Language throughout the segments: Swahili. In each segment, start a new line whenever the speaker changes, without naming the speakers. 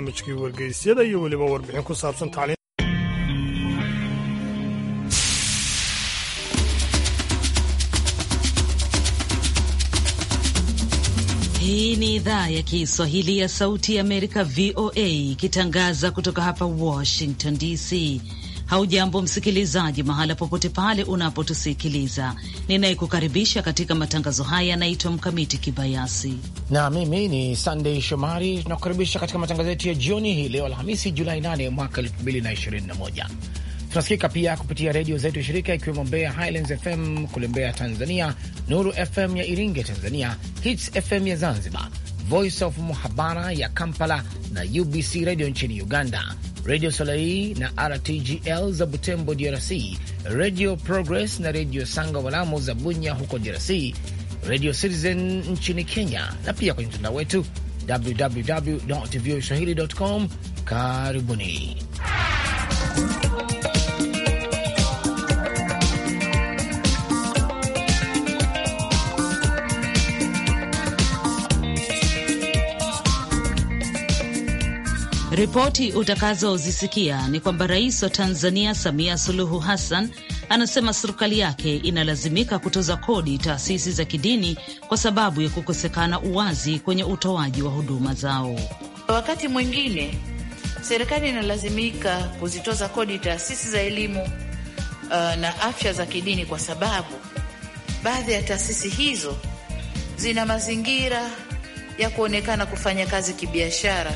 barnaamijkii wargeysyada iyo weliba warbixin ku saabsan tacliin
Hii ni idhaa ya Kiswahili ya Sauti ya Amerika, VOA, ikitangaza kutoka hapa Washington DC. Haujambo msikilizaji, mahala popote pale unapotusikiliza, ninayekukaribisha katika matangazo haya yanaitwa
Mkamiti Kibayasi na mimi ni Sandey Shomari. Tunakukaribisha katika matangazo yetu ya jioni hii leo Alhamisi, Julai 8 mwaka 2021. Tunasikika pia kupitia redio zetu shirika ikiwemo Mbeya Highlands FM kule Mbeya Tanzania, Nuru FM ya iringe Tanzania, Hits FM ya Zanzibar, Voice of Muhabara ya Kampala na UBC Radio nchini Uganda, Radio Soleil na RTGL za Butembo DRC, Radio Progress na Radio Walamu za Bunya huko DRC, Radio Citizen nchini Kenya na pia kwenye mtandao wetu www voaswahili.com. Karibuni.
Ripoti utakazozisikia ni kwamba rais wa Tanzania Samia Suluhu Hassan anasema serikali yake inalazimika kutoza kodi taasisi za kidini kwa sababu ya kukosekana uwazi kwenye utoaji wa huduma zao.
Wakati mwingine serikali inalazimika kuzitoza kodi taasisi za elimu uh, na afya za kidini kwa sababu baadhi ya taasisi hizo zina mazingira ya kuonekana kufanya kazi kibiashara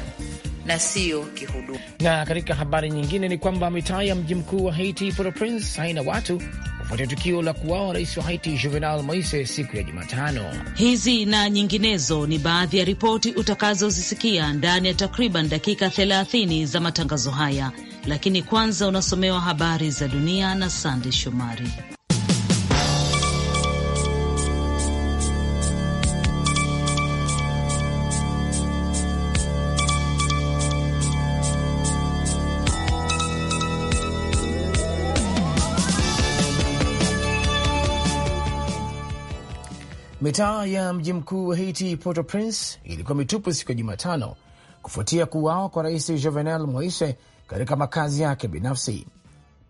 na siyo kihuduma.
Na katika habari nyingine ni kwamba mitaa ya mji mkuu wa Haiti Port-au-Prince haina watu kufuatia tukio la kuwawa rais wa Haiti Juvenal Moise siku ya Jumatano.
Hizi na nyinginezo ni baadhi ya ripoti utakazozisikia ndani ya takriban dakika 30 za matangazo haya, lakini kwanza unasomewa habari za dunia na Sande Shomari.
Mitaa ya mji mkuu wa Haiti, Port-au-Prince, ilikuwa mitupu siku ya Jumatano kufuatia kuuawa kwa rais Jovenel Moise katika makazi yake binafsi.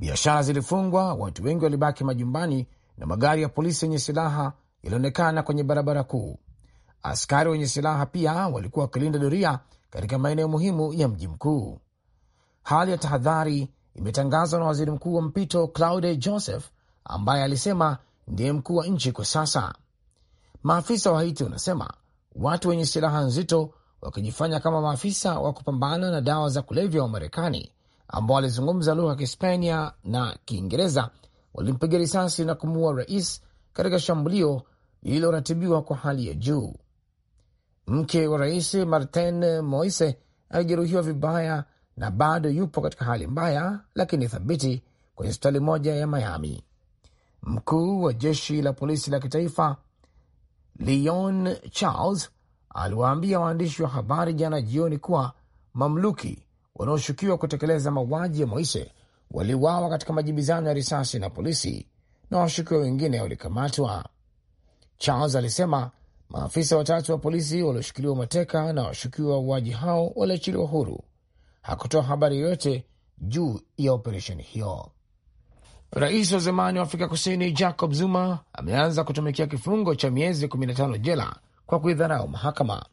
Biashara zilifungwa, watu wengi walibaki majumbani na magari ya polisi yenye silaha yalionekana kwenye barabara kuu. Askari wenye silaha pia walikuwa wakilinda doria katika maeneo muhimu ya mji mkuu. Hali ya tahadhari imetangazwa na waziri mkuu wa mpito Claude Joseph ambaye alisema ndiye mkuu wa nchi kwa sasa. Maafisa wa Haiti wanasema watu wenye silaha nzito wakijifanya kama maafisa wa kupambana na dawa za kulevya wa Marekani ambao walizungumza lugha ya Kihispania na Kiingereza walimpiga risasi na kumuua rais katika shambulio lililoratibiwa kwa hali ya juu. Mke wa rais Martin Moise alijeruhiwa vibaya na bado yupo katika hali mbaya lakini thabiti kwenye hospitali moja ya Miami. Mkuu wa jeshi la polisi la kitaifa Leon Charles aliwaambia waandishi wa habari jana jioni kuwa mamluki wanaoshukiwa kutekeleza mauaji ya Moise waliuawa katika majibizano ya risasi na polisi na washukiwa wengine walikamatwa. Charles alisema maafisa watatu wa polisi walioshikiliwa mateka na washukiwa wa uaji hao waliachiliwa huru. Hakutoa habari yoyote juu ya operesheni hiyo. Rais wa zamani wa Afrika Kusini Jacob Zuma ameanza kutumikia kifungo cha miezi 15 jela kwa kuidharau mahakama.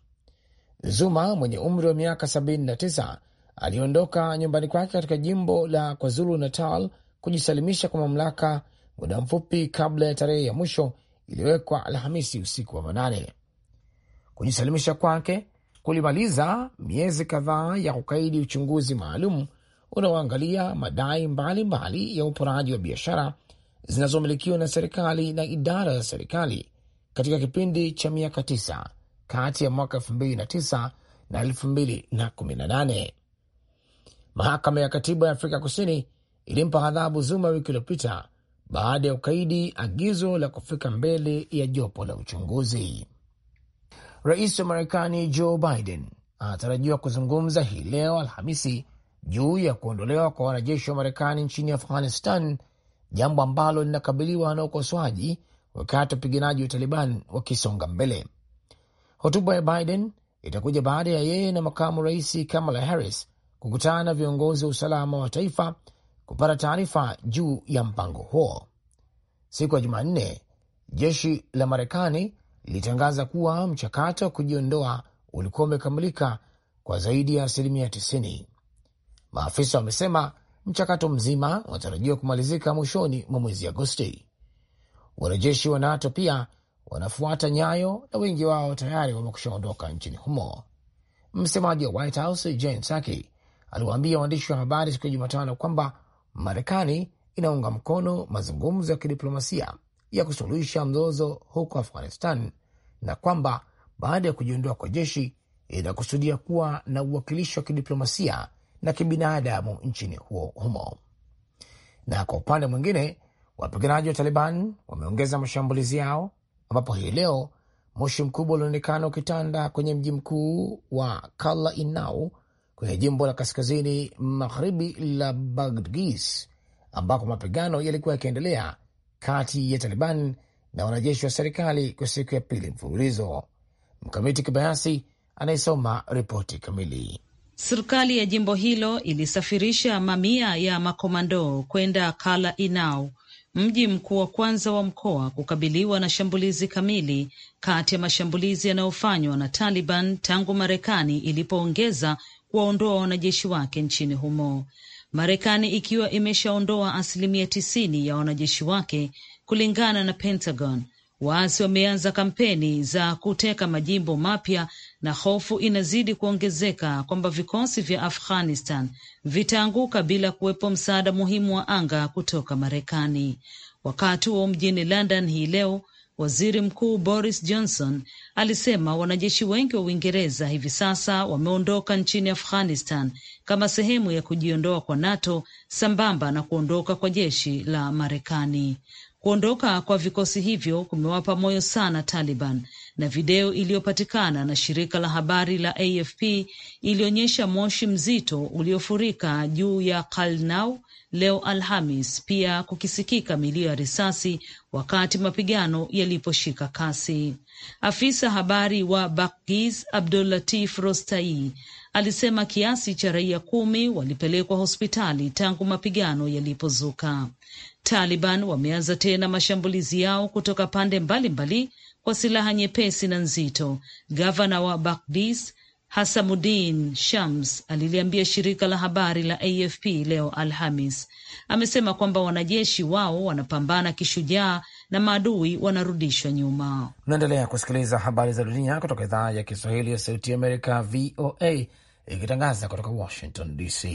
Zuma mwenye umri wa miaka 79 aliondoka nyumbani kwake katika jimbo la KwaZulu Natal kujisalimisha kwa mamlaka muda mfupi kabla ya tarehe ya mwisho iliyowekwa Alhamisi usiku wa manane. Kujisalimisha kwake kulimaliza miezi kadhaa ya kukaidi uchunguzi maalum unaoangalia madai mbalimbali mbali ya uporaji wa biashara zinazomilikiwa na serikali na idara za serikali katika kipindi cha miaka tisa kati ya mwaka 2009 na 2018. Mahakama ya Katiba ya Afrika Kusini ilimpa adhabu Zuma wiki iliyopita baada ya ukaidi agizo la kufika mbele ya jopo la uchunguzi. Rais wa Marekani Joe Biden anatarajiwa kuzungumza hii leo Alhamisi juu ya kuondolewa kwa wanajeshi wa Marekani nchini Afghanistan, jambo ambalo linakabiliwa na ukosoaji wakati wapiganaji wa Taliban wakisonga mbele. Hotuba ya Biden itakuja baada ya yeye na makamu rais Kamala Harris kukutana na viongozi wa usalama wa taifa kupata taarifa juu ya mpango huo. Siku ya Jumanne, jeshi la Marekani lilitangaza kuwa mchakato wa kujiondoa ulikuwa umekamilika kwa zaidi ya asilimia 90. Maafisa wamesema mchakato mzima unatarajiwa kumalizika mwishoni mwa mwezi Agosti. Wanajeshi wa NATO pia wanafuata nyayo na wengi wao tayari wamekusha ondoka nchini humo. Msemaji wa White House Jen Psaki aliwaambia waandishi wa habari siku ya Jumatano kwamba Marekani inaunga mkono mazungumzo ya kidiplomasia ya kusuluhisha mzozo huko Afghanistan na kwamba baada ya kujiondoa kwa jeshi inakusudia kuwa na uwakilishi wa kidiplomasia na kibinadamu nchini huo humo. Na kwa upande mwingine, wapiganaji wa Taliban wameongeza mashambulizi yao, ambapo hii leo moshi mkubwa ulionekana ukitanda kwenye mji mkuu wa Kala Inau kwenye jimbo la kaskazini magharibi la bagdgis ambako mapigano yalikuwa yakiendelea kati ya Taliban na wanajeshi wa serikali kwa siku ya pili mfululizo. Mkamiti Kibayasi anayesoma ripoti kamili.
Serikali ya jimbo hilo ilisafirisha mamia ya makomando kwenda Kala Inao, mji mkuu wa kwanza wa mkoa kukabiliwa na shambulizi kamili kati ya mashambulizi yanayofanywa na Taliban tangu Marekani ilipoongeza kuwaondoa wanajeshi wake nchini humo, Marekani ikiwa imeshaondoa asilimia tisini ya wanajeshi wake kulingana na Pentagon. Waasi wameanza kampeni za kuteka majimbo mapya na hofu inazidi kuongezeka kwamba vikosi vya Afghanistan vitaanguka bila kuwepo msaada muhimu wa anga kutoka Marekani. Wakati huo mjini London hii leo, waziri mkuu Boris Johnson alisema wanajeshi wengi wa Uingereza hivi sasa wameondoka nchini Afghanistan kama sehemu ya kujiondoa kwa NATO sambamba na kuondoka kwa jeshi la Marekani. Kuondoka kwa vikosi hivyo kumewapa moyo sana Taliban na video iliyopatikana na shirika la habari la AFP ilionyesha moshi mzito uliofurika juu ya Kalnau leo Alhamis, pia kukisikika milio ya risasi wakati mapigano yaliposhika kasi. Afisa habari wa Bakgiz Abdulatif Rostai alisema kiasi cha raia kumi walipelekwa hospitali tangu mapigano yalipozuka. Taliban wameanza tena mashambulizi yao kutoka pande mbalimbali mbali, kwa silaha nyepesi na nzito. Gavana wa bakdis Hasamudin Shams aliliambia shirika la habari la AFP leo Alhamis. Amesema kwamba wanajeshi wao wanapambana kishujaa na maadui wanarudishwa nyuma.
Unaendelea kusikiliza habari za dunia kutoka idhaa ya Kiswahili ya Sauti ya Amerika, VOA, ikitangaza kutoka Washington DC.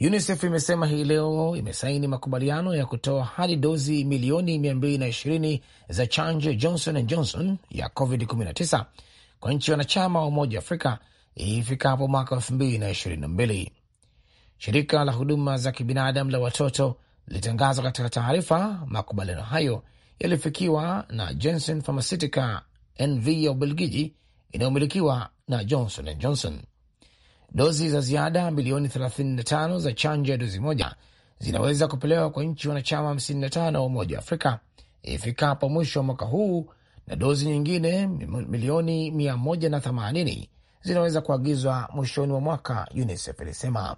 UNICEF imesema hii leo imesaini makubaliano ya kutoa hadi dozi milioni 220 za chanjo Johnson and Johnson ya COVID-19 kwa nchi wanachama wa Umoja wa Afrika ifikapo mwaka 2022. Shirika la huduma za kibinadamu la watoto lilitangazwa katika taarifa makubaliano hayo yaliyofikiwa na Janssen Pharmaceutica NV ya Ubelgiji inayomilikiwa na Johnson and Johnson. Dozi za ziada milioni 35 za chanjo ya dozi moja zinaweza kupelewa kwa nchi wanachama 55 wa Umoja wa Afrika ifikapo mwisho wa mwaka huu na dozi nyingine milioni 180 zinaweza kuagizwa mwishoni mwa mwaka, UNICEF ilisema.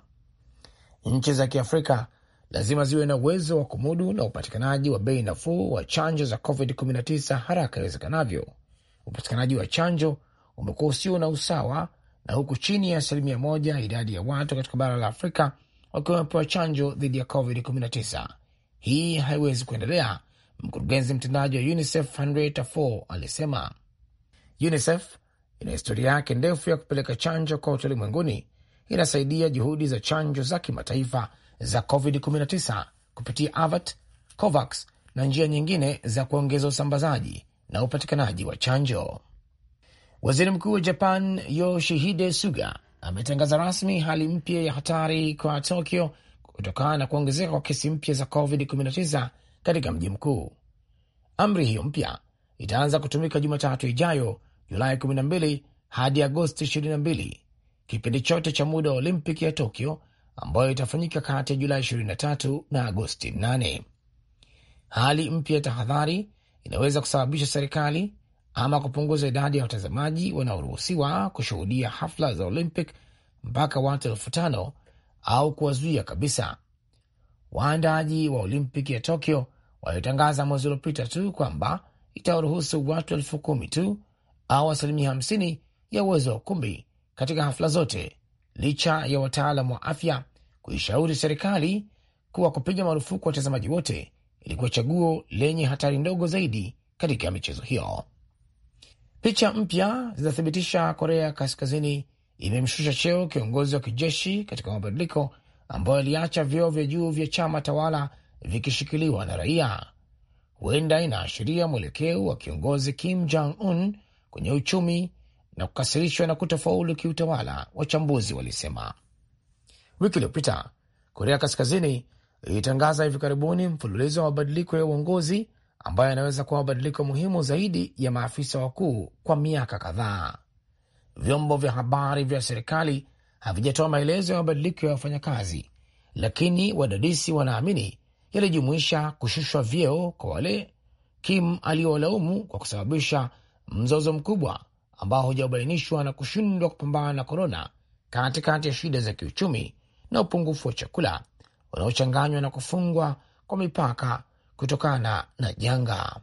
Nchi za Kiafrika lazima ziwe na uwezo wa kumudu na upatikanaji wa bei nafuu wa chanjo za COVID-19 haraka iwezekanavyo. Upatikanaji wa chanjo umekuwa usio na usawa na huku chini ya asilimia moja idadi ya watu katika bara la Afrika wakiwa wamepewa chanjo dhidi ya COVID-19. Hii haiwezi kuendelea, mkurugenzi mtendaji wa UNICEF Henrietta Fore alisema. UNICEF ina historia yake ndefu ya kupeleka chanjo kote ulimwenguni, inasaidia juhudi za chanjo za kimataifa za COVID-19 kupitia AVAT, COVAX na njia nyingine za kuongeza usambazaji na upatikanaji wa chanjo. Waziri Mkuu wa Japan Yoshihide Suga ametangaza rasmi hali mpya ya hatari kwa Tokyo kutokana na kuongezeka kwa kesi mpya za COVID-19 katika mji mkuu. Amri hiyo mpya itaanza kutumika Jumatatu ijayo Julai 12 hadi Agosti 22, kipindi chote cha muda wa olimpik ya Tokyo ambayo itafanyika kati ya Julai 23 na Agosti 8. Hali mpya ya tahadhari inaweza kusababisha serikali ama kupunguza idadi ya watazamaji wanaoruhusiwa kushuhudia hafla za Olympic mpaka watu elfu tano au kuwazuia kabisa. Waandaaji wa Olimpiki ya Tokyo walitangaza mwezi uliopita tu kwamba itawaruhusu watu elfu kumi tu au asilimia hamsini ya uwezo wa ukumbi katika hafla zote, licha ya wataalam wa afya kuishauri serikali kuwa kupiga marufuku watazamaji wote ilikuwa chaguo lenye hatari ndogo zaidi katika michezo hiyo. Picha mpya zinathibitisha Korea Kaskazini imemshusha cheo kiongozi wa kijeshi katika mabadiliko ambayo aliacha vyeo vya juu vya chama tawala vikishikiliwa na raia. Huenda inaashiria mwelekeo wa kiongozi Kim Jong Un kwenye uchumi na kukasirishwa na kutofaulu kiutawala, wachambuzi walisema. Wiki iliyopita Korea Kaskazini ilitangaza hivi karibuni mfululizo wa mabadiliko ya uongozi ambayo yanaweza kuwa mabadiliko muhimu zaidi ya maafisa wakuu kwa miaka kadhaa. Vyombo vya habari vya serikali havijatoa maelezo ya mabadiliko ya wafanyakazi, lakini wadadisi wanaamini yalijumuisha kushushwa vyeo kwa wale Kim aliyowalaumu kwa kusababisha mzozo mkubwa ambao hujaubainishwa na kushindwa kupambana na korona katikati ya shida za kiuchumi na upungufu wa chakula unaochanganywa na kufungwa kwa mipaka kutokana na janga.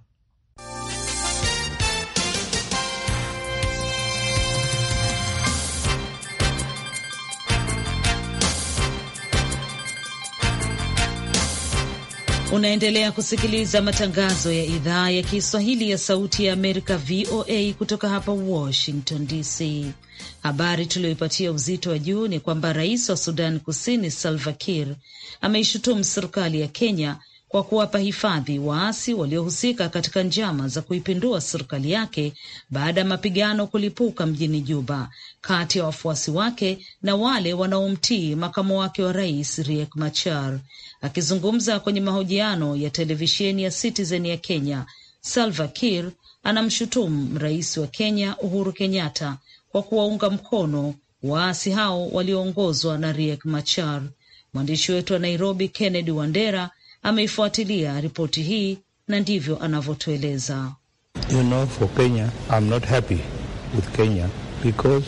Unaendelea kusikiliza matangazo ya idhaa ya Kiswahili ya Sauti ya Amerika, VOA, kutoka hapa Washington DC. Habari tuliyoipatia uzito wa juu ni kwamba rais wa Sudan Kusini Salva Kiir ameishutumu serikali ya Kenya kwa kuwapa hifadhi waasi waliohusika katika njama za kuipindua serikali yake baada ya mapigano kulipuka mjini Juba kati ya wafuasi wake na wale wanaomtii makamo wake wa rais Riek Machar. Akizungumza kwenye mahojiano ya televisheni ya Citizen ya Kenya, Salva Kiir anamshutumu rais wa Kenya Uhuru Kenyatta kwa kuwaunga mkono waasi hao walioongozwa na Riek Machar. Mwandishi wetu wa Nairobi Kennedy Wandera ameifuatilia ripoti hii na ndivyo anavyotueleza.
You know, for Kenya, I'm not happy with Kenya because,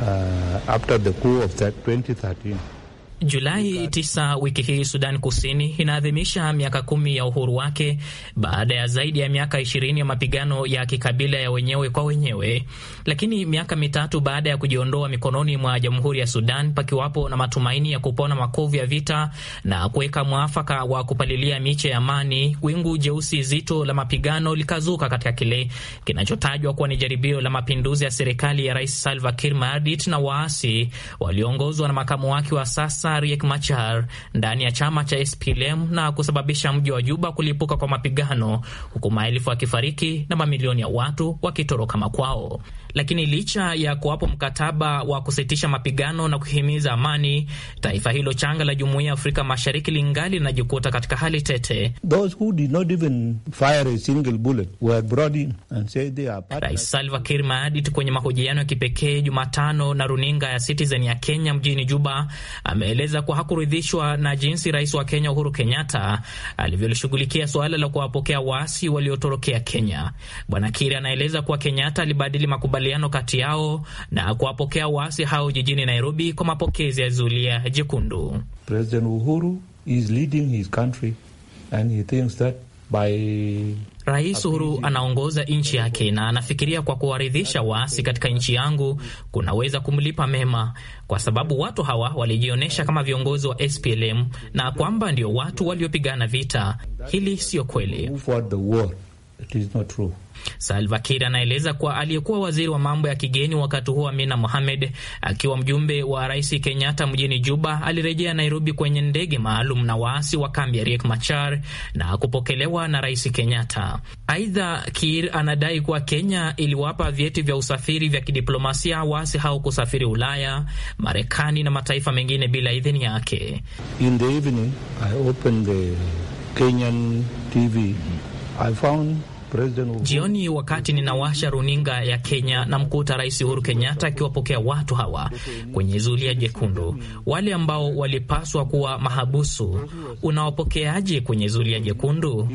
uh, after the coup of that 2013 Julai 9 wiki hii, Sudan Kusini inaadhimisha miaka kumi ya uhuru wake baada ya zaidi ya miaka ishirini ya mapigano ya kikabila ya wenyewe kwa wenyewe. Lakini miaka mitatu baada ya kujiondoa mikononi mwa jamhuri ya Sudan, pakiwapo na matumaini ya kupona makovu ya vita na kuweka mwafaka wa kupalilia miche ya amani, wingu jeusi zito la mapigano likazuka katika kile kinachotajwa kuwa ni jaribio la mapinduzi ya serikali ya Rais Salva Kiir Mayardit na waasi walioongozwa na makamu wake wa sasa Profesa Riek Machar ndani ya chama cha SPLM na kusababisha mji wa Juba kulipuka kwa mapigano, huku maelfu wakifariki na mamilioni ya watu wakitoroka makwao. Lakini licha ya kuwapo mkataba wa kusitisha mapigano na kuhimiza amani, taifa hilo changa la jumuiya ya Afrika Mashariki lingali linajikuta katika hali tete. Rais Salva Kiir Mayardit kwenye mahojiano ya kipekee Jumatano na runinga ya Citizen ya Kenya mjini Juba ameeleza alieleza kuwa hakuridhishwa na jinsi rais wa Kenya Uhuru Kenyatta alivyolishughulikia suala la kuwapokea waasi waliotorokea Kenya. Bwana Kiri anaeleza kuwa Kenyatta alibadili makubaliano kati yao na kuwapokea waasi hao jijini Nairobi kwa mapokezi ya zulia jekundu. President Uhuru is leading his country and he thinks that by Rais Uhuru anaongoza nchi yake na anafikiria kwa kuwaridhisha waasi katika nchi yangu kunaweza kumlipa mema, kwa sababu watu hawa walijionyesha kama viongozi wa SPLM na kwamba ndio watu waliopigana vita. Hili siyo kweli. Salva Kiir anaeleza kuwa aliyekuwa waziri wa mambo ya kigeni wakati huo Amina Mohamed akiwa mjumbe wa rais Kenyatta mjini Juba alirejea Nairobi kwenye ndege maalum na waasi wa kambi ya Riek Machar na kupokelewa na rais Kenyatta. Aidha, Kiir anadai kuwa Kenya iliwapa vyeti vya usafiri vya kidiplomasia waasi hao kusafiri Ulaya, Marekani na mataifa mengine bila idhini yake.
In the evening, I opened the Kenyan TV. I found Jioni
wakati ninawasha runinga ya Kenya na mkuta Rais Uhuru Kenyatta akiwapokea watu hawa kwenye zulia jekundu, wale ambao walipaswa kuwa mahabusu. Unawapokeaje kwenye zulia jekundu?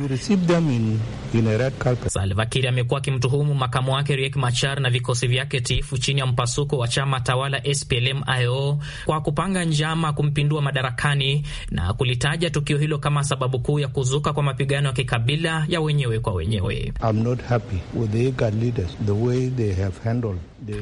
Salva Kiir amekuwa akimtuhumu makamu wake Riek Machar na vikosi vyake tiifu chini ya mpasuko wa chama tawala SPLM-IO kwa kupanga njama kumpindua madarakani na kulitaja tukio hilo kama sababu kuu ya kuzuka kwa mapigano ya kikabila ya wenyewe kwa wenyewe.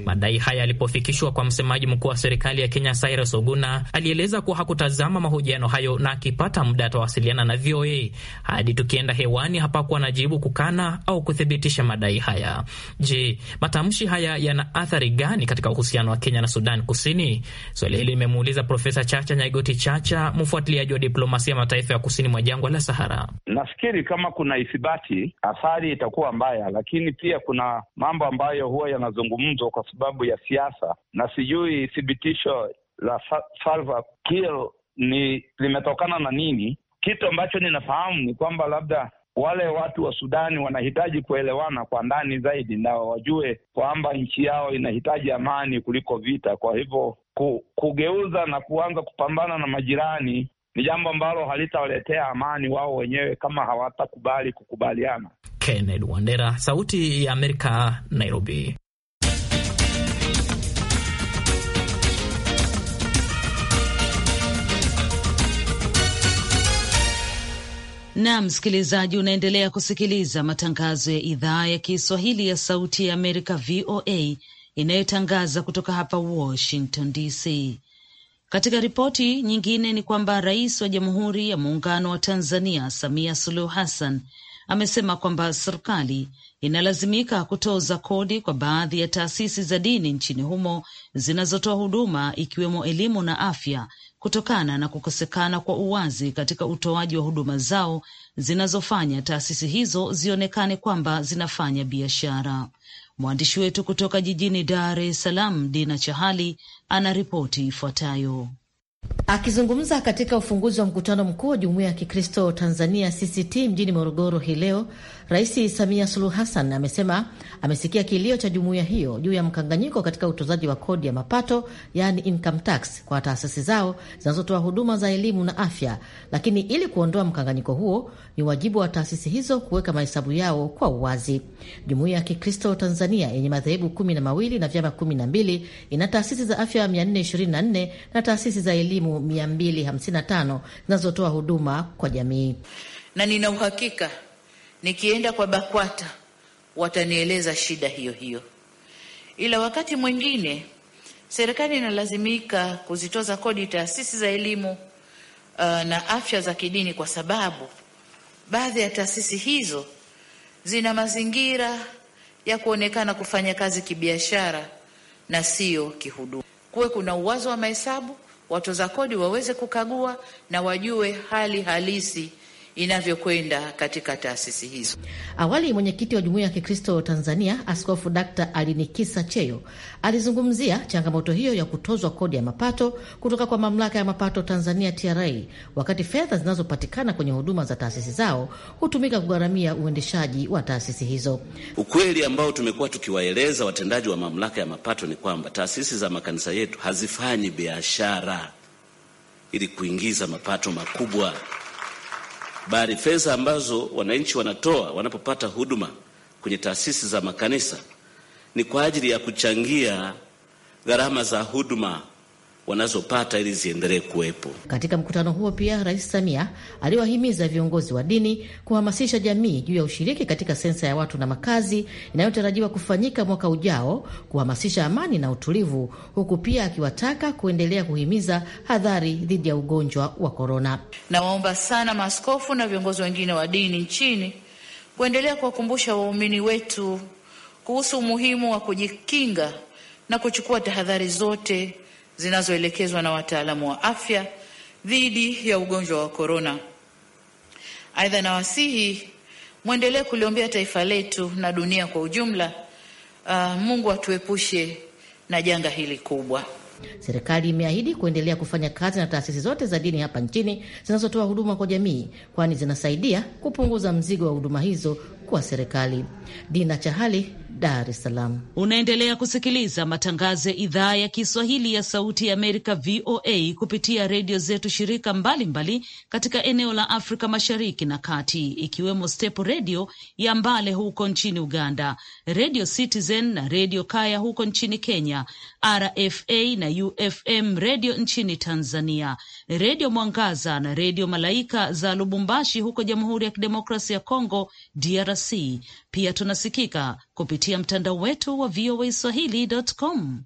Madai haya yalipofikishwa kwa msemaji mkuu wa serikali ya Kenya Cyrus Oguna, alieleza kuwa hakutazama mahojiano hayo na akipata muda atawasiliana na VOA. Hadi tukienda hewani, hapakuwa na jibu kukana au kuthibitisha madai haya. Je, matamshi haya yana athari gani katika uhusiano wa Kenya na Sudan Kusini? Swali hili limemuuliza Profesa Chacha Nyaigoti Chacha, mfuatiliaji wa diplomasia mataifa ya kusini mwa jangwa la Sahara. Nafikiri kama kuna ithibati athari itakuwa mbaya, lakini pia kuna mambo ambayo
huwa yanazungumzwa kwa sababu ya siasa, na sijui thibitisho la Salva Kiir ni limetokana na nini. Kitu ambacho ninafahamu ni kwamba labda wale watu wa Sudani wanahitaji kuelewana kwa ndani zaidi, na wajue kwamba nchi yao inahitaji amani kuliko vita. Kwa hivyo ku, kugeuza na kuanza kupambana na majirani ni jambo ambalo halitawaletea amani wao wenyewe kama hawatakubali kukubaliana. Kennedy
Wandera, Sauti ya Amerika, Nairobi.
na msikilizaji, unaendelea kusikiliza matangazo ya idhaa ya Kiswahili ya Sauti ya Amerika, VOA, inayotangaza kutoka hapa Washington DC. Katika ripoti nyingine ni kwamba rais wa Jamhuri ya Muungano wa Tanzania Samia Suluhu Hassan amesema kwamba serikali inalazimika kutoza kodi kwa baadhi ya taasisi za dini nchini humo zinazotoa huduma ikiwemo elimu na afya kutokana na kukosekana kwa uwazi katika utoaji wa huduma zao zinazofanya taasisi hizo zionekane kwamba zinafanya biashara. Mwandishi wetu kutoka jijini Dar es Salaam, Dina Chahali, ana ripoti ifuatayo.
Akizungumza katika ufunguzi wa mkutano mkuu wa jumuiya ya Kikristo Tanzania CCT mjini Morogoro hii leo, Rais Samia Suluhu Hassan amesema amesikia kilio cha jumuiya hiyo juu ya mkanganyiko katika utozaji wa kodi ya mapato, yaani income tax, kwa taasisi zao zinazotoa huduma za elimu na afya, lakini ili kuondoa mkanganyiko huo ni wajibu wa taasisi hizo kuweka mahesabu yao kwa uwazi. Jumuiya ya Kikristo Tanzania yenye madhehebu kumi na mawili na vyama kumi na mbili ina taasisi za afya 424 na taasisi za elimu 255 zinazotoa huduma kwa jamii,
na nina uhakika Nikienda kwa BAKWATA watanieleza shida hiyo hiyo, ila wakati mwingine serikali inalazimika kuzitoza kodi taasisi za elimu uh, na afya za kidini, kwa sababu baadhi ya taasisi hizo zina mazingira ya kuonekana kufanya kazi kibiashara na sio kihuduma. Kuwe kuna uwazo wa mahesabu, watoza kodi waweze kukagua na wajue hali halisi inavyokwenda katika taasisi hizo.
Awali mwenyekiti wa jumuiya ya Kikristo Tanzania Askofu Dakta Alinikisa Cheyo alizungumzia changamoto hiyo ya kutozwa kodi ya mapato kutoka kwa mamlaka ya mapato Tanzania TRA, wakati fedha zinazopatikana kwenye huduma za taasisi zao hutumika kugharamia uendeshaji wa taasisi hizo.
Ukweli ambao tumekuwa tukiwaeleza watendaji wa mamlaka ya mapato ni kwamba taasisi za makanisa yetu hazifanyi biashara ili kuingiza mapato makubwa bali fedha ambazo wananchi wanatoa wanapopata huduma kwenye taasisi za makanisa ni kwa ajili ya kuchangia gharama za huduma wanazopata ili ziendelee kuwepo.
Katika mkutano huo pia, Rais Samia aliwahimiza viongozi wa dini kuhamasisha jamii juu ya ushiriki katika sensa ya watu na makazi inayotarajiwa kufanyika mwaka ujao, kuhamasisha amani na utulivu, huku pia akiwataka kuendelea kuhimiza hadhari dhidi ya ugonjwa wa korona.
Nawaomba sana maaskofu na viongozi wengine wa dini nchini kuendelea kuwakumbusha waumini wetu kuhusu umuhimu wa kujikinga na kuchukua tahadhari zote zinazoelekezwa na wataalamu wa afya dhidi ya ugonjwa wa korona. Aidha, nawasihi mwendelee kuliombea taifa letu na dunia kwa ujumla. Uh, Mungu atuepushe na janga hili kubwa.
Serikali imeahidi kuendelea kufanya kazi na taasisi zote za dini hapa nchini zinazotoa huduma kwa jamii, kwani zinasaidia kupunguza mzigo wa huduma hizo kwa serikali. Dina Chahali, Dar es Salaam.
Unaendelea kusikiliza matangazo ya idhaa ya Kiswahili ya Sauti ya Amerika, VOA, kupitia redio zetu shirika mbalimbali mbali katika eneo la Afrika Mashariki na Kati, ikiwemo Step Redio ya Mbale huko nchini Uganda, Redio Citizen na Redio Kaya huko nchini Kenya, RFA na UFM Redio nchini Tanzania, Redio Mwangaza na Redio Malaika za Lubumbashi huko Jamhuri ya Kidemokrasia ya Kongo, DRC. DRC. Pia tunasikika kupitia mtandao wetu wa VOA Swahili.com.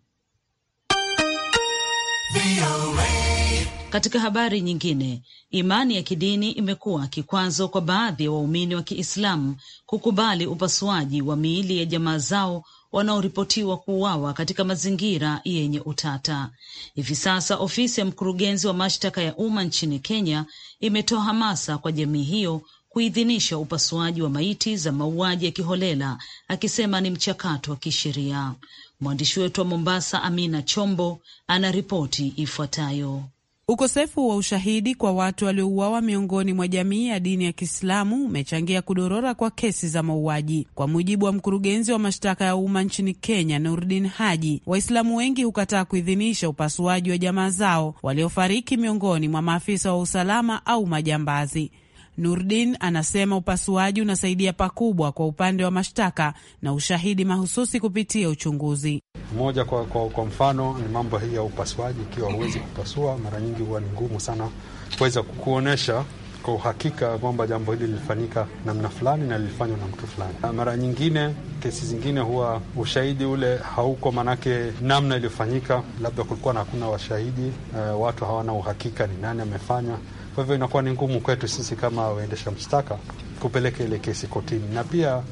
Katika habari nyingine, imani ya kidini imekuwa kikwazo kwa baadhi ya wa waumini wa Kiislamu kukubali upasuaji wa miili ya jamaa zao wanaoripotiwa kuuawa katika mazingira yenye utata. Hivi sasa ofisi ya mkurugenzi wa mashtaka ya umma nchini Kenya imetoa hamasa kwa jamii hiyo kuidhinisha upasuaji wa maiti za mauaji ya kiholela, akisema ni mchakato wa kisheria.
Mwandishi wetu wa Mombasa, Amina Chombo, ana ripoti ifuatayo. Ukosefu wa ushahidi kwa watu waliouawa miongoni mwa jamii ya dini ya Kiislamu umechangia kudorora kwa kesi za mauaji. Kwa mujibu wa mkurugenzi wa mashtaka ya umma nchini Kenya, Nurdin Haji, Waislamu wengi hukataa kuidhinisha upasuaji wa jamaa zao waliofariki miongoni mwa maafisa wa usalama au majambazi. Nurdin anasema upasuaji unasaidia pakubwa kwa upande wa mashtaka na ushahidi mahususi kupitia uchunguzi. Moja kwa, kwa, kwa mfano ni mambo hii ya upasuaji. Ikiwa huwezi kupasua, mara nyingi huwa ni ngumu sana kuweza kuonyesha kwa uhakika kwamba jambo hili lilifanyika namna fulani na lilifanywa na mtu fulani. Mara nyingine kesi zingine huwa ushahidi ule hauko, manake namna iliyofanyika, labda kulikuwa na hakuna washahidi, uh, watu hawana uhakika ni nani amefanya kwa hivyo inakuwa ni ngumu kwetu sisi kama waendesha mshtaka kupeleka ile kesi kotini, na pia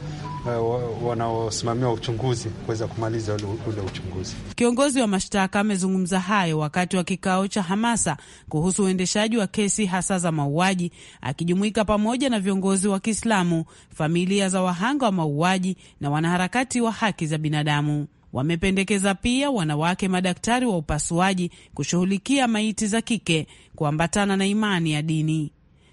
eh, wanaosimamia uchunguzi kuweza kumaliza ule uchunguzi. Kiongozi wa mashtaka amezungumza hayo wakati wa kikao cha hamasa kuhusu uendeshaji wa kesi hasa za mauaji, akijumuika pamoja na viongozi wa Kiislamu, familia za wahanga wa mauaji na wanaharakati wa haki za binadamu. Wamependekeza pia wanawake madaktari wa upasuaji kushughulikia maiti za kike kuambatana na imani ya dini.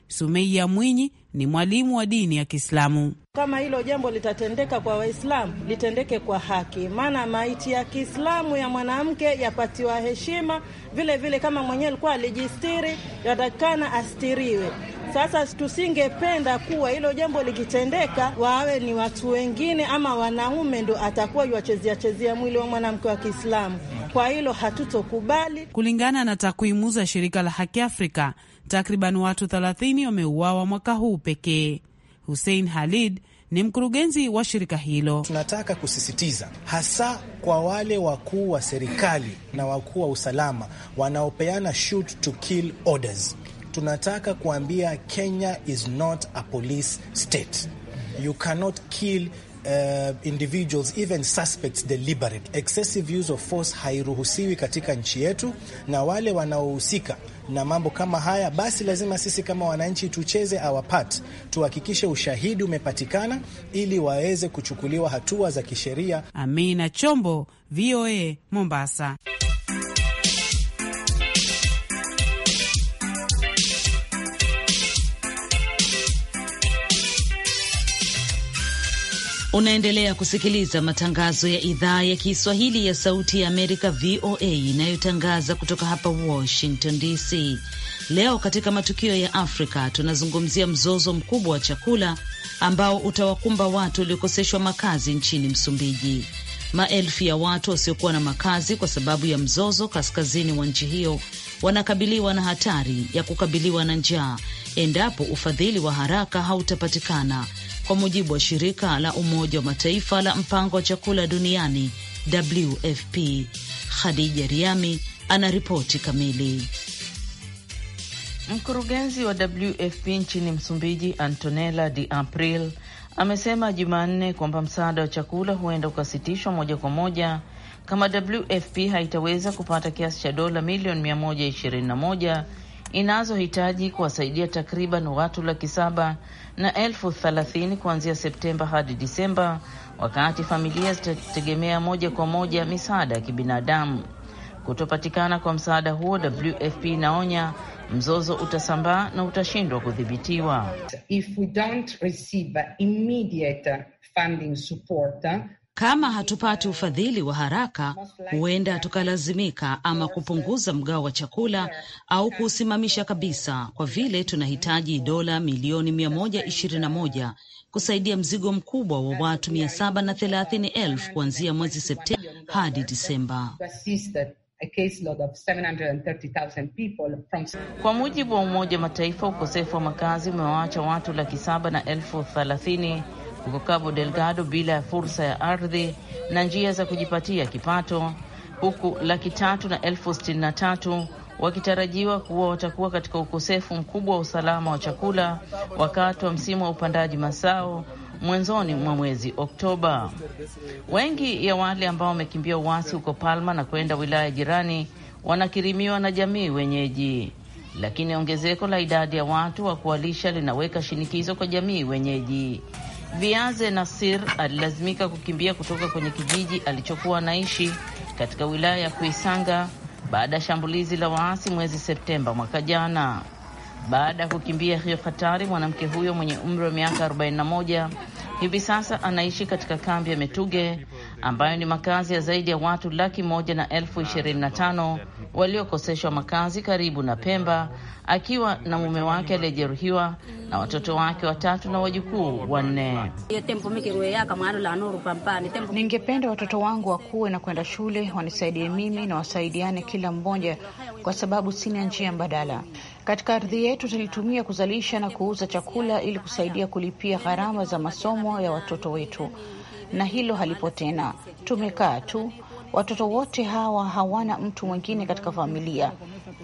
Sumeia Mwinyi ni mwalimu wa dini ya Kiislamu.
Kama hilo jambo litatendeka kwa Waislamu, litendeke kwa haki, maana maiti ya Kiislamu ya mwanamke yapatiwa heshima vilevile vile. Kama mwenyewe alikuwa alijistiri, yatakikana astiriwe. Sasa tusingependa kuwa hilo jambo likitendeka, wawe ni watu wengine ama wanaume ndo atakuwa yuwachezea chezea mwili wa mwanamke wa Kiislamu. Kwa hilo hatutokubali.
Kulingana na takwimu za shirika la Haki Afrika, takriban watu 30 wameuawa mwaka huu upekee. Hussein Halid ni mkurugenzi wa shirika hilo. Tunataka kusisitiza hasa
kwa wale wakuu wa serikali na wakuu wa usalama wanaopeana shoot to kill orders. Tunataka kuambia Kenya is not a police state. You cannot kill uh, individuals even suspects deliberate excessive use of force hairuhusiwi katika nchi yetu, na wale wanaohusika na mambo kama haya, basi lazima sisi kama wananchi tucheze our part, tuhakikishe ushahidi umepatikana ili waweze kuchukuliwa hatua za kisheria.
Amina Chombo, VOA Mombasa.
Unaendelea kusikiliza matangazo ya idhaa ya Kiswahili ya Sauti ya Amerika, VOA, inayotangaza kutoka hapa Washington DC. Leo katika matukio ya Afrika tunazungumzia mzozo mkubwa wa chakula ambao utawakumba watu waliokoseshwa makazi nchini Msumbiji. Maelfu ya watu wasiokuwa na makazi kwa sababu ya mzozo kaskazini mwa nchi hiyo wanakabiliwa na hatari ya kukabiliwa na njaa endapo ufadhili wa haraka hautapatikana kwa mujibu wa shirika la Umoja wa Mataifa la mpango wa chakula duniani WFP. Khadija Riami anaripoti kamili.
Mkurugenzi wa WFP nchini Msumbiji, Antonella de April, amesema Jumanne kwamba msaada wa chakula huenda ukasitishwa moja kwa moja kama WFP haitaweza kupata kiasi cha dola milioni 121 inazohitaji kuwasaidia takriban watu laki saba na elfu thelathini kuanzia Septemba hadi Disemba, wakati familia zitategemea moja kwa moja misaada ya kibinadamu. Kutopatikana kwa msaada huo, WFP inaonya mzozo utasambaa na utashindwa kudhibitiwa. If we don't receive immediate funding support kama hatupati ufadhili
wa haraka, huenda tukalazimika ama kupunguza mgao wa chakula au kuusimamisha kabisa, kwa vile tunahitaji dola milioni 121 kusaidia mzigo mkubwa wa watu mia kuanzia mwezi Septemba
hadi Disemba. Kwa mujibu wa Umoja Mataifa, ukosefu wa makazi umewaacha watu laki saba na elfu thelathini huko Cabo Delgado bila ya fursa ya ardhi na njia za kujipatia kipato, huku laki tatu na elfu sitini na tatu wakitarajiwa kuwa watakuwa katika ukosefu mkubwa wa usalama wa chakula wakati wa msimu wa upandaji masao mwanzoni mwa mwezi Oktoba. Wengi ya wale ambao wamekimbia uasi huko Palma na kwenda wilaya jirani wanakirimiwa na jamii wenyeji, lakini ongezeko la idadi ya watu wa kuwalisha linaweka shinikizo kwa jamii wenyeji. Viaze Nasir alilazimika kukimbia kutoka kwenye kijiji alichokuwa anaishi katika wilaya ya Kuisanga baada ya shambulizi la waasi mwezi Septemba mwaka jana. Baada ya kukimbia hiyo hatari, mwanamke huyo mwenye umri wa miaka 41 hivi sasa anaishi katika kambi ya Metuge ambayo ni makazi ya zaidi ya watu laki moja na elfu ishirini na tano waliokoseshwa makazi karibu na Pemba, akiwa na mume wake aliyejeruhiwa na watoto wake watatu na wajukuu wanne. Ningependa watoto wangu wakuwe na kwenda shule, wanisaidie mimi na wasaidiane kila mmoja, kwa sababu sina njia mbadala. Katika ardhi yetu tulitumia kuzalisha na kuuza chakula ili kusaidia kulipia gharama za masomo ya watoto wetu na hilo halipo tena. Tumekaa tu, watoto wote hawa hawana mtu mwingine katika familia,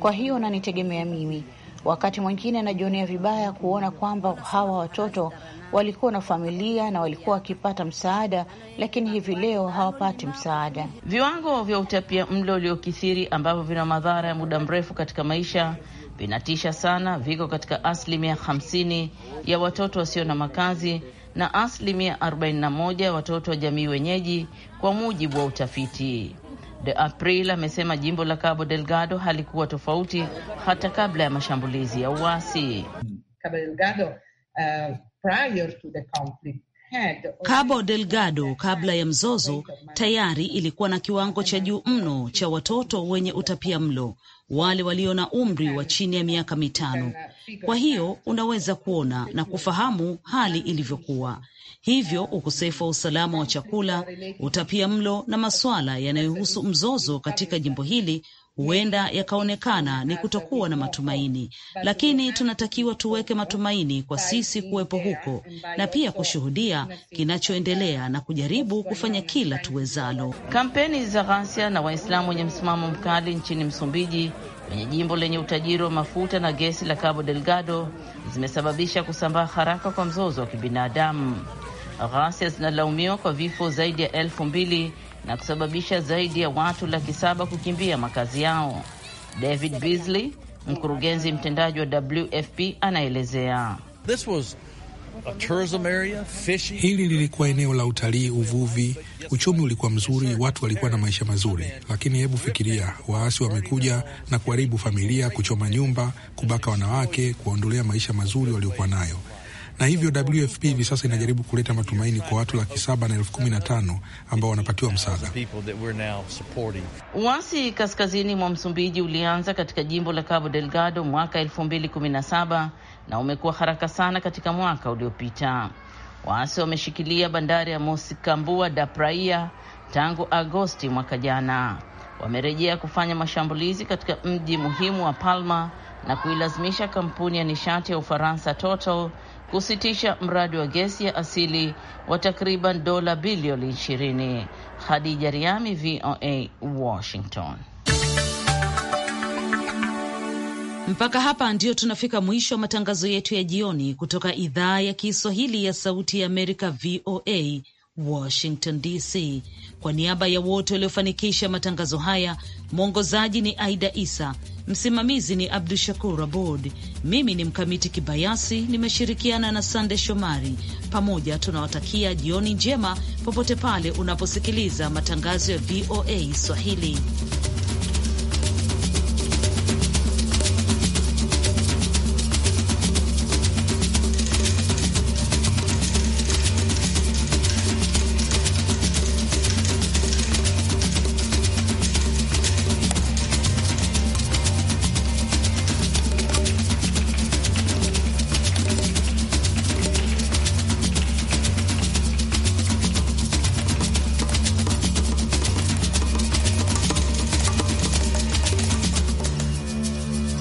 kwa hiyo nanitegemea mimi. Wakati mwingine najionea vibaya kuona kwamba hawa watoto walikuwa na familia na walikuwa wakipata msaada, lakini hivi leo hawapati msaada. Viwango vya utapia mlo uliokithiri ambavyo vina madhara ya muda mrefu katika maisha vinatisha sana, viko katika asilimia 50 ya watoto wasio na makazi na asilimia 41 ya watoto wa jamii wenyeji, kwa mujibu wa utafiti. De April amesema jimbo la Cabo Delgado halikuwa tofauti hata kabla ya mashambulizi ya uasi
Cabo Delgado, uh, prior to the conflict
Cabo Delgado kabla ya mzozo tayari ilikuwa na kiwango cha juu mno cha watoto wenye utapia mlo, wale walio na umri wa chini ya miaka mitano. Kwa hiyo unaweza kuona na kufahamu hali ilivyokuwa. Hivyo ukosefu wa usalama wa chakula, utapia mlo na masuala yanayohusu mzozo katika jimbo hili huenda yakaonekana ni kutokuwa na matumaini, lakini tunatakiwa tuweke matumaini kwa sisi kuwepo huko na
pia kushuhudia kinachoendelea na kujaribu kufanya kila tuwezalo. Kampeni za ghasia na Waislamu wenye msimamo mkali nchini Msumbiji kwenye jimbo lenye utajiri wa mafuta na gesi la Cabo Delgado zimesababisha kusambaa haraka kwa mzozo wa kibinadamu. Ghasia zinalaumiwa kwa vifo zaidi ya elfu mbili na kusababisha zaidi ya watu laki saba kukimbia makazi yao. David Beasley, mkurugenzi mtendaji wa WFP, anaelezea
Area,
hili lilikuwa eneo la utalii, uvuvi, uchumi ulikuwa mzuri, watu walikuwa na maisha mazuri, lakini hebu fikiria, waasi wamekuja na kuharibu familia, kuchoma nyumba, kubaka wanawake, kuwaondolea maisha mazuri waliokuwa nayo na hivyo WFP hivi sasa inajaribu kuleta matumaini kwa watu laki saba na elfu kumi na tano ambao wanapatiwa msaada.
Uasi kaskazini mwa Msumbiji ulianza katika jimbo la Cabo Delgado mwaka elfu mbili kumi na saba na umekuwa haraka sana katika mwaka uliopita. Waasi wameshikilia bandari ya Mosikambua da Praia tangu Agosti mwaka jana. Wamerejea kufanya mashambulizi katika mji muhimu wa Palma na kuilazimisha kampuni ya nishati ya Ufaransa Total kusitisha mradi wa gesi ya asili wa takriban dola bilioni ishirini. Hadija Riami, VOA, Washington.
Mpaka hapa ndiyo tunafika mwisho wa matangazo yetu ya jioni kutoka idhaa ya Kiswahili ya Sauti ya Amerika, VOA. Washington DC. Kwa niaba ya wote waliofanikisha matangazo haya, mwongozaji ni Aida Isa, msimamizi ni Abdu Shakur Abud, mimi ni Mkamiti Kibayasi, nimeshirikiana na Sande Shomari. Pamoja tunawatakia jioni njema popote pale unaposikiliza matangazo ya VOA Swahili.